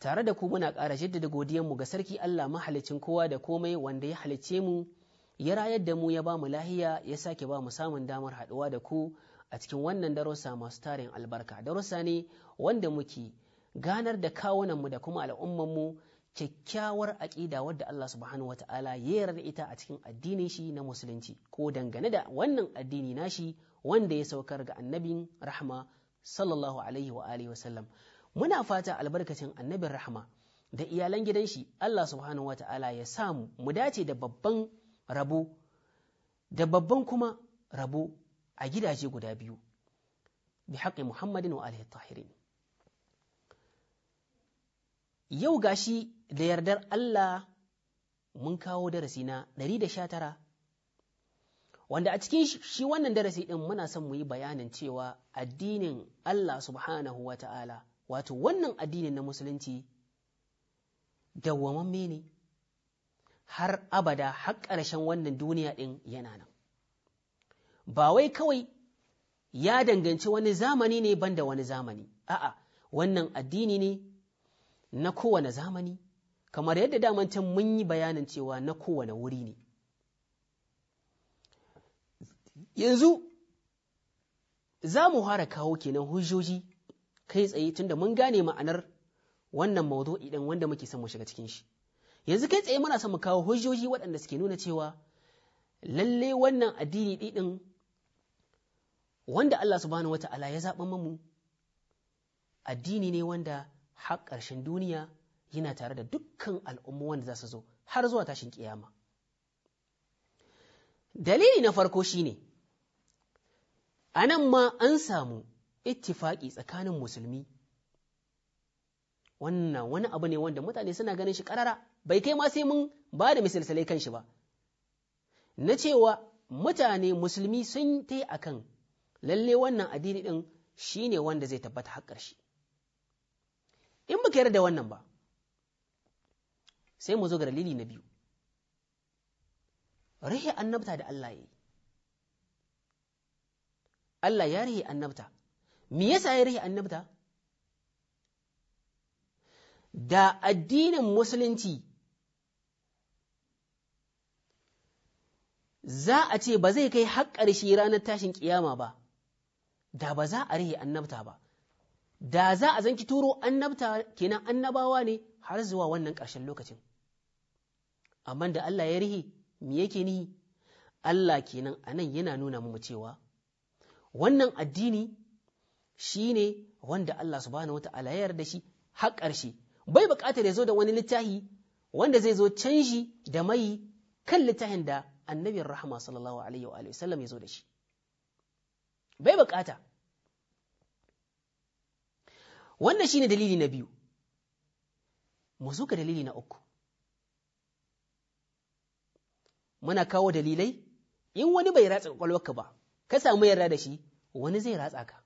tare da ku muna ƙara jaddada mu ga sarki Allah mahalicin kowa da komai wanda ya halicce mu ya rayar da mu ya ba mu lahiya ya sake ba mu samun damar haɗuwa da ku a cikin wannan darussa masu tarin albarka darussa ne wanda muke ganar da kawunanmu da kuma mu kyakkyawar aƙida wadda Allah subhanahu wa ya yarda ita a cikin addinin shi na musulunci ko dangane da wannan addini nashi wanda ya saukar ga annabin rahma sallallahu alaihi wa alihi wa sallam muna fata albarkacin annabin rahama da iyalan gidan shi Allah subhanahu wa ta'ala ya samu mu dace da babban rabo da babban kuma rabo a gidaje guda biyu bi haƙƙi muhammadin wa alihi tahirin yau gashi da yardar Allah mun kawo darasi na 119 wanda a cikin shi wannan darasi din muna son mu yi bayanin cewa addinin Allah subhanahu wa ta'ala wato wannan addinin na musulunci dawwamamme ne har abada har ƙarshen wannan duniya ɗin yana nan ba wai kawai ya danganci wani zamani ne banda wani zamani a'a wannan addini ne na kowane zamani kamar yadda damantan mun yi bayanin cewa na kowane wuri ne yanzu za mu fara kawo kenan hujjoji kai tsaye tunda mun gane ma'anar wannan mawdu'i din wanda muke son mu shiga cikin shi yanzu kai tsaye muna son mu kawo hujjoji waɗanda suke nuna cewa lalle wannan addini ɗin wanda Allah subhanahu wata'ala ya zaɓa mamu addini ne wanda har ƙarshen duniya yana tare da dukkan al'umma wanda za su zo har zuwa tashin kiyama. Dalili na farko shine, anan ma an samu ittifaƙi tsakanin musulmi wannan wani abu ne wanda mutane suna ganin shi karara bai kai ma sai mun ba da misalsalai kan shi ba na cewa mutane musulmi sun ta yi akan lalle wannan addini din shine wanda zai tabbata har ƙarshe in baka yarda da wannan ba sai mu zo ga dalili na biyu rahi annabta da Allah ya yi Allah ya rahi annabta me yasa ya rahi annabta da addinin musulunci za a ce ba zai kai har ƙarshe ranar tashin ƙiyama ba da ba za a rahe annabta ba da za a zanki turo annabta kenan annabawa ne har zuwa wannan ƙarshen lokacin amma da Allah ya rihe me yake nihi Allah kenan anan yana nuna mu cewa wannan addini shi ne wanda Allah su wa ta'ala ya yarda shi har ƙarshe bai buƙatar ya zo da wani littafi wanda zai zo canji da mai kan littafin da annabin rahama sallallahu alaihi wa sallam ya zo da shi bai buƙata wannan ne dalili na biyu mu suka dalili na uku muna kawo dalilai in wani bai ratsa ka ba ka samu yarda da shi wani zai ratsa ka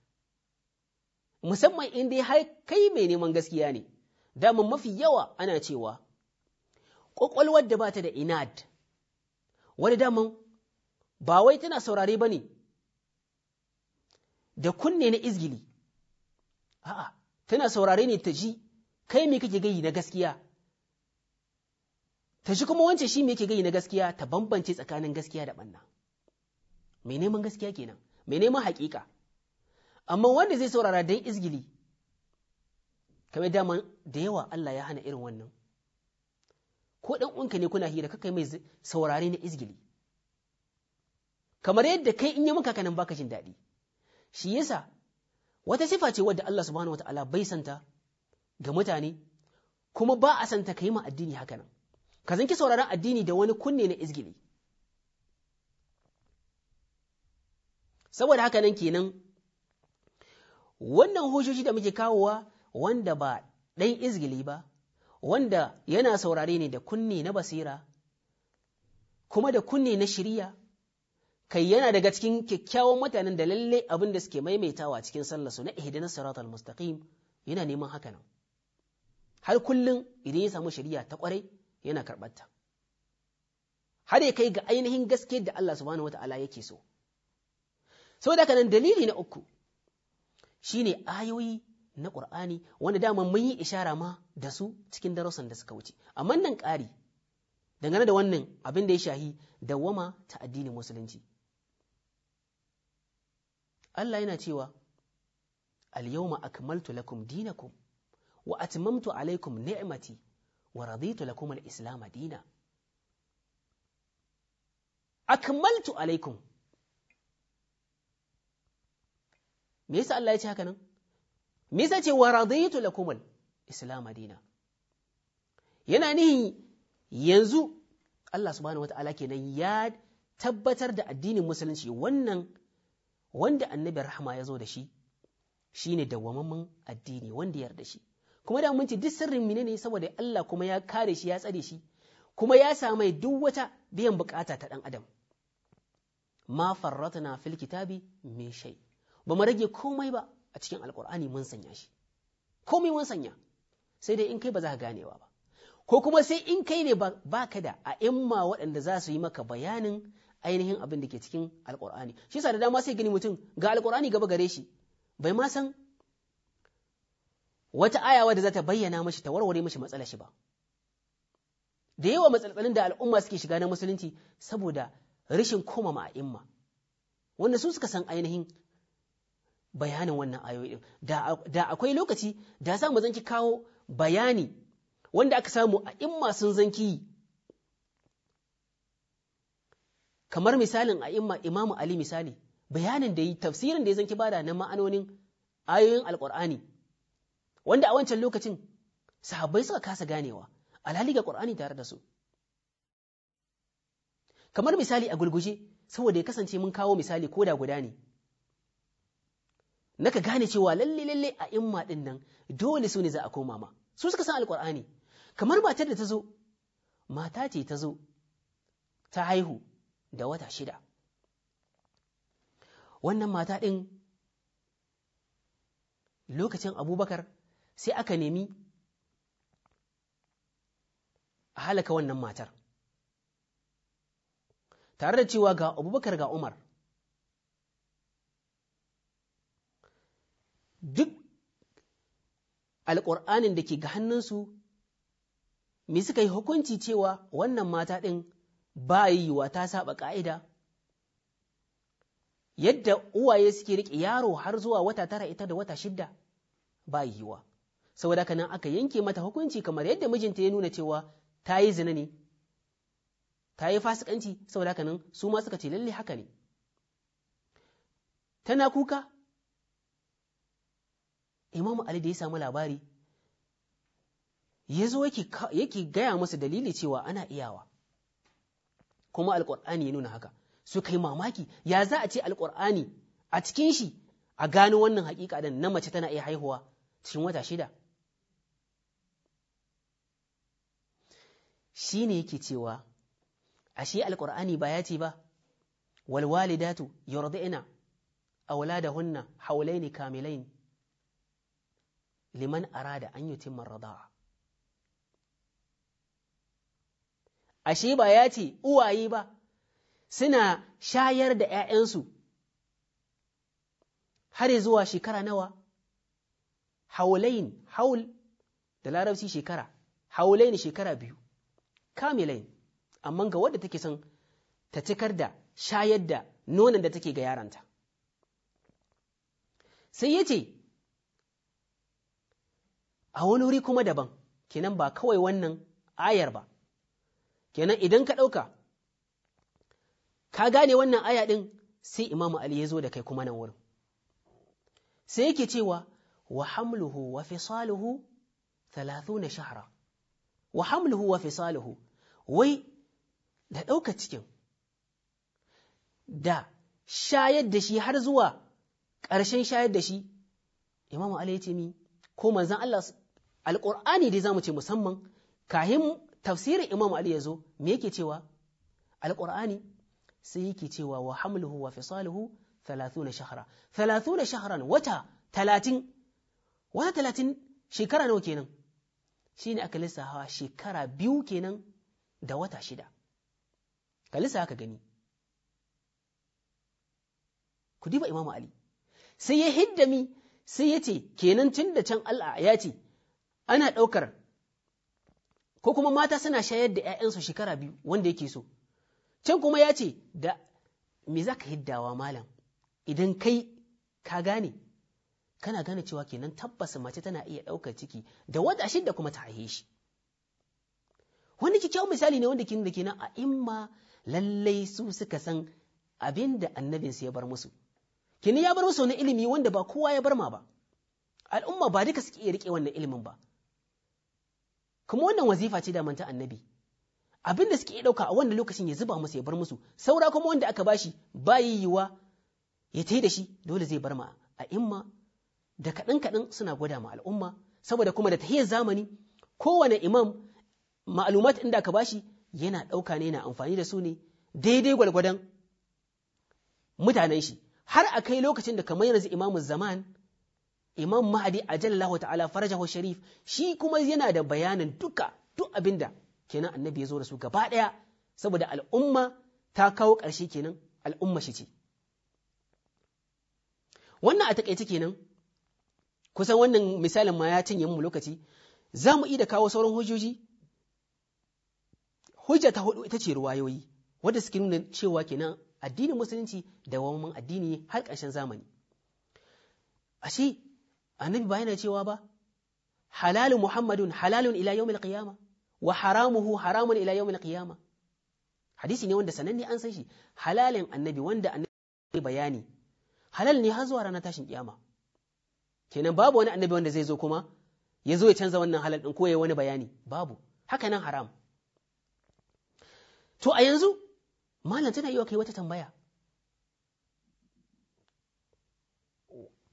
musamman in dai har kai mai neman gaskiya ne, daman mafi yawa ana cewa, ƙwaƙwalwar da ba ta da inad, wani daman ba wai tana saurare ba ne, da kunne na izgili, a'a, tana saurare ne ta ji, kai me kake gayi na gaskiya, ta ji kuma wancan shi me yake gayi na gaskiya ta bambance tsakanin gaskiya da ɓanna. Mai neman gaskiya kenan, mai neman haƙiƙa. amma wanda zai saurara don izgili kamar dama da yawa Allah ya hana irin wannan ko ɗan unka ne kuna hira kakai mai saurari na izgili kamar yadda kai in yi maka kanan baka jin daɗi shi yasa wata sifa ce wadda Allah subhanahu ta'ala bai santa ga mutane kuma ba a santa kai ma addini hakanan, nan ka zanki sauraron addini da wani kunne na izgili saboda haka nan kenan wannan hujjoji da muke kawowa wanda ba ɗan izgili ba wanda yana saurare ne da kunni na basira kuma da kunni na shirya kai yana daga cikin kyakkyawan mutanen da lalle abin da suke maimaitawa cikin su na ihdinas siratal mustaqim yana neman haka nan har kullum idan ya samu shari'a ta kwarai yana karɓarta har ya kai ga ainihin gaske da Allah subhanahu wata'ala yake so saboda daka nan dalili na uku shine ayoyi na ƙur'ani wanda dama mun yi ishara ma da su cikin darussan da suka wuce amma nan ƙari dangane da wannan abin da ya shahi dawwama ta addinin musulunci Allah yana cewa al-yawma akmaltu lakum dinakum wa atmamtu alaykum ni'mati wa raditu lakum al-islam dina akmaltu alaykum me yasa Allah ya ce haka nan me yasa ce wa radaitu lakumul islam dina yana nihin yanzu Allah subhanahu wata'ala kenan ya tabbatar da addinin musulunci wannan wanda annabi rahama ya zo da shi shine dawwamamman addini wanda ya yarda shi kuma da mun duk sirrin mine ne saboda Allah kuma ya kare shi ya tsare shi kuma ya samai duk wata biyan bukata ta dan adam ma farratna fil kitabi min shay ba mu rage komai ba a cikin alkur'ani mun sanya shi komai mun sanya sai dai in kai ba za ka ganewa ba ko kuma sai in kai ne ba ka da a imma waɗanda za su yi maka bayanin ainihin abin da ke cikin alkur'ani shi sa da dama sai gani mutum ga alkur'ani gaba gare shi bai ma san wata aya da za ta bayyana mashi ta warware mashi matsala shi ba da yawa matsalatsalin da al'umma suke shiga na musulunci saboda rashin koma ma'a'imma wanda su suka san ainihin bayanin wannan ayoyi da akwai lokaci da za mu zanki kawo bayani wanda aka samu a imma sun zanki kamar misalin a imma imamu ali misali bayanin da yi tafsirin da ya zanki bada na ma'anonin ayoyin alkur'ani wanda a wancan lokacin sahabbai suka kasa ganewa alhali ga Ƙur'ani tare da su kamar misali a gulguje saboda ya kasance mun kawo misali ko da guda ne na ka gane cewa lalle lalle a imma din nan dole su ne za a koma ma su suka san Alƙur'ani. kamar matar da ta zo mata ce ta zo ta haihu da wata shida wannan mata ɗin lokacin abubakar sai aka nemi a halaka wannan matar tare da cewa ga abubakar ga umar duk alƙur'anin da ke ga hannunsu me suka yi hukunci cewa wannan mata ɗin ba yiwuwa ta saba ƙa'ida yadda uwaye suke riƙe yaro har zuwa wata tara ita da wata shidda ba yiwuwa saboda haka nan aka yanke mata hukunci kamar yadda mijinta ya nuna cewa ta yi zina ne ta yi fasikanci saboda haka nan su ma suka ce lalle haka ne tana kuka imamu ali da ya samu labari ya zo yake gaya masa dalili cewa ana iyawa kuma alƙur'ani ya nuna haka su kai mamaki ya za a ce alƙur'ani a cikin shi a gano wannan haƙiƙa dan na mace tana iya haihuwa cikin wata shida shi ne yake cewa ashe alƙur'ani ba ya ce ba walwalidatu yurdina auladahunna haulaini kamilain liman arada an yi timar ashe ba ya ce uwaye ba suna shayar da ‘ya'yansu har zuwa shekara nawa haulain haul da larabci shekara haulain shekara biyu kamilain amma ga wadda take son ta cikar da shayar da nonon da take ga yaranta sai ya ce a wani wuri kuma daban kenan ba kawai wannan ayar ba kenan idan ka ɗauka ka gane wannan aya ɗin sai imamu ali ya zo da kai kuma nan wurin sai yake cewa wa hamluhu wa fisaluhu na shahara." wa hamluhu wa fisaluhu wai da ɗauka cikin da shayar da shi har zuwa ƙarshen shayar da shi imamu ali ya ce mi ko manzan Allah alƙur'ani dai mu ce musamman kahin tafsirin imam ali ya zo me yake cewa alƙur'ani sai yake cewa wa hamluhu wa fisaluhu 30 shahra 30 shahara wata talatin, wata talatin shekara nawa kenan ne aka lissafa shekara biyu kenan da wata shida ka lissafa ka gani ku diba Imam ali sai ya hidda mi sai ya ce kenan tun da can Allah ya ce ana ɗaukar ko kuma mata suna shayar da ‘ya'yansu shekara biyu wanda yake so can kuma ya ce da me za ka hiddawa malam idan kai ka gane kana gane cewa kenan tabbas mace tana iya ɗaukar ciki da wata shidda kuma ta haihe shi wani kyakkyawan misali ne wanda da kenan a imma lallai su suka san abin da annabinsu ya bar musu kenan ya bar musu wani ilimi wanda ba kowa ya bar ma ba al'umma ba duka suke iya riƙe wannan ilimin ba kuma wannan wazifa ce da manta annabi abin da suke ɗauka a wannan lokacin ya zuba musu ya bar musu saura kuma wanda aka bashi ba yiwuwa ya tai da shi dole zai bar ma a imma da kaɗan kaɗan suna gwada ma al'umma saboda kuma da tahiyar zamani kowane imam ma'alumat inda aka bashi yana ɗauka ne yana amfani da su ne daidai gwalgwadon mutanen shi har a kai lokacin da kamar yanzu imamu zaman Imam Mahdi ajallahu ta'ala farajahu sharif shi kuma yana da bayanin duka duk abinda kenan annabi ya zo da su gaba ɗaya saboda al'umma ta kawo ƙarshe kenan al'umma shi ce. Wannan a taƙaice kenan kusan wannan misalin ma ya cinye mu lokaci za mu iya kawo sauran hujjoji hujja ta hudu ita ce ruwayoyi wadda suke nuna cewa kenan addinin musulunci da wamman addini har ƙarshen zamani ashe annabi ba yana cewa ba halalun muhammadun halalun ila yawmil qiyama wa haramuhu haramun ila yawmil qiyama hadisi ne wanda sananne an san shi halalin annabi wanda annabi bayani halal ne har zuwa ranar tashin kiyama kenan babu wani annabi wanda zai zo kuma ya zo ya canza wannan halal ɗin ko ya wani bayani babu haka nan haram to a yanzu malam tana yi wa kai wata tambaya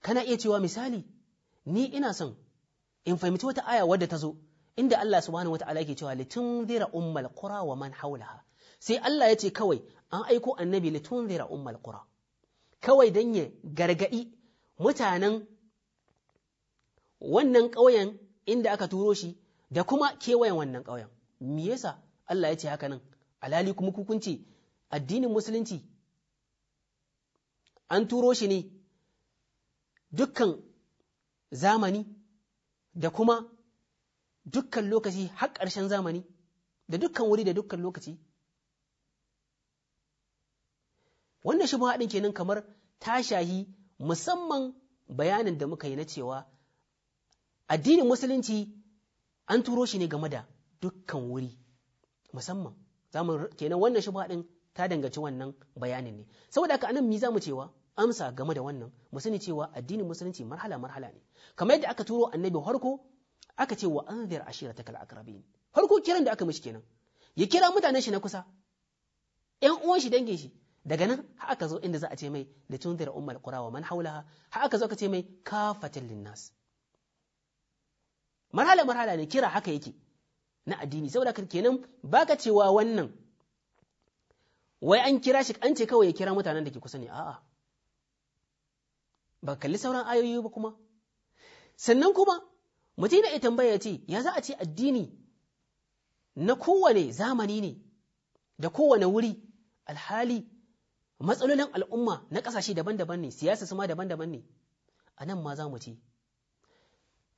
kana iya cewa misali ni ina son in fahimci wata aya wadda ta zo inda Allah subhanahu wata'ala yake cewa litunzira ummal qura wa man hawlaha sai Allah ya ce kawai an aiko annabi litunzira ummal qura kawai dan ya gargadi mutanen wannan ƙauyen inda aka turo shi da kuma kewayen wannan ƙauyen me yasa Allah ya ce haka nan alhali kuma hukunci addinin musulunci an turo shi ne dukkan zamani da kuma dukkan lokaci har ƙarshen zamani da dukkan wuri da dukkan lokaci wannan shi haɗin kenan kamar ta shahi musamman bayanin da muka yi na cewa addinin musulunci an turo shi ne game da dukkan wuri musamman kenan wannan shi haɗin ta danganci wannan bayanin ne saboda haka anan mi za mu cewa amsa game da wannan mu sani cewa addinin musulunci marhala marhala ne kamar yadda aka turo annabi harko aka ce wa anzir ashiratakal aqrabin harko kiran da aka mishi kenan ya kira mutanen shi na kusa ‘yan uwan shi dangin shi daga nan har aka zo inda za a ce mai da tunzir ummal qura wa man haulaha har aka zo aka ce mai kafatil linnas marhala marhala ne kira haka yake na addini saboda kenan baka cewa wannan wai an kira shi an ce kawai ya kira mutanen da ke kusa ne a'a ba kalli sauran ayoyi ba kuma sannan kuma mutum ita tambaya ce ya za a ce addini na kowane zamani ne da kowane wuri alhali matsalolin al'umma na ƙasashe daban-daban ne siyasa su ma daban-daban ne a nan ma za mu ce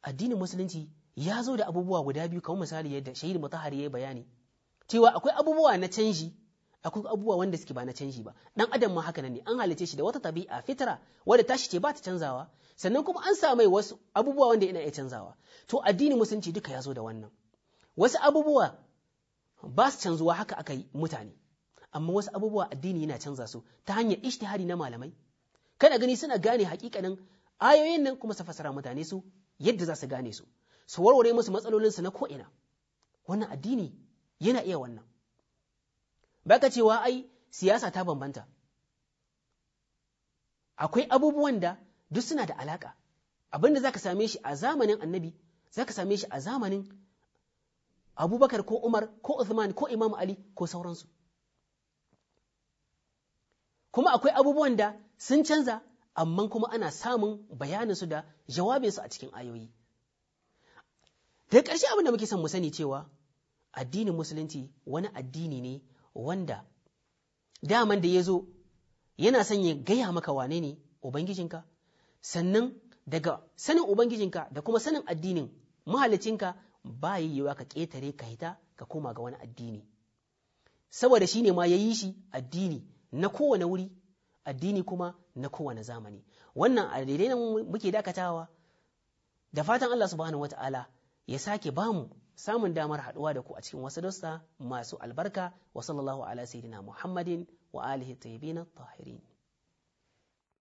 addinin musulunci ya zo da abubuwa guda biyu kamar misali yadda shahid mutahari ya yi bayani cewa akwai abubuwa na canji akwai abubuwa wanda suke ba na canji ba dan adam ma haka ne an halice shi da wata tabi'a fitra wadda tashi ce ba ta canzawa sannan kuma an samai wasu abubuwa wanda yana iya canzawa to addini musulunci duka ya zo da wannan wasu abubuwa ba su canzuwa haka aka yi mutane amma wasu abubuwa addini yana canza su ta hanyar ishtihari na malamai kana gani suna gane hakikanin ayoyin nan kuma su fasara mutane su yadda za su gane su su warware musu matsalolinsu na ko'ina wannan addini yana iya wannan baka cewa ai siyasa ta bambanta akwai abubuwan da duk suna da alaƙa, abinda za ka same shi a zamanin annabi zaka same shi a zamanin abubakar ko umar ko uthman ko imam ali ko sauransu kuma akwai abubuwan da sun canza amma kuma ana samun bayaninsu da jawabinsu a cikin ayoyi daga ƙarshe abin da muke son mu sani cewa addinin musulunci wani addini ne wanda daman da ya zo yana son ya gaya maka wane ne Ubangijinka, sannan daga sanin Ubangijinka da kuma sanin addinin mahalicinka ba yiwuwa ka ƙetare ka hita ka koma ga wani addini. Saboda shi ne ma ya yi shi addini na kowane wuri, addini kuma na kowane zamani. Wannan a daidai muke dakatawa da fatan Allah subhanahu Ta'ala ya sake bamu samun damar haɗuwa da ku a cikin wasu darussa masu albarka wa sallallahu ala sayyidina Muhammadin wa alihi tayyibin tahirin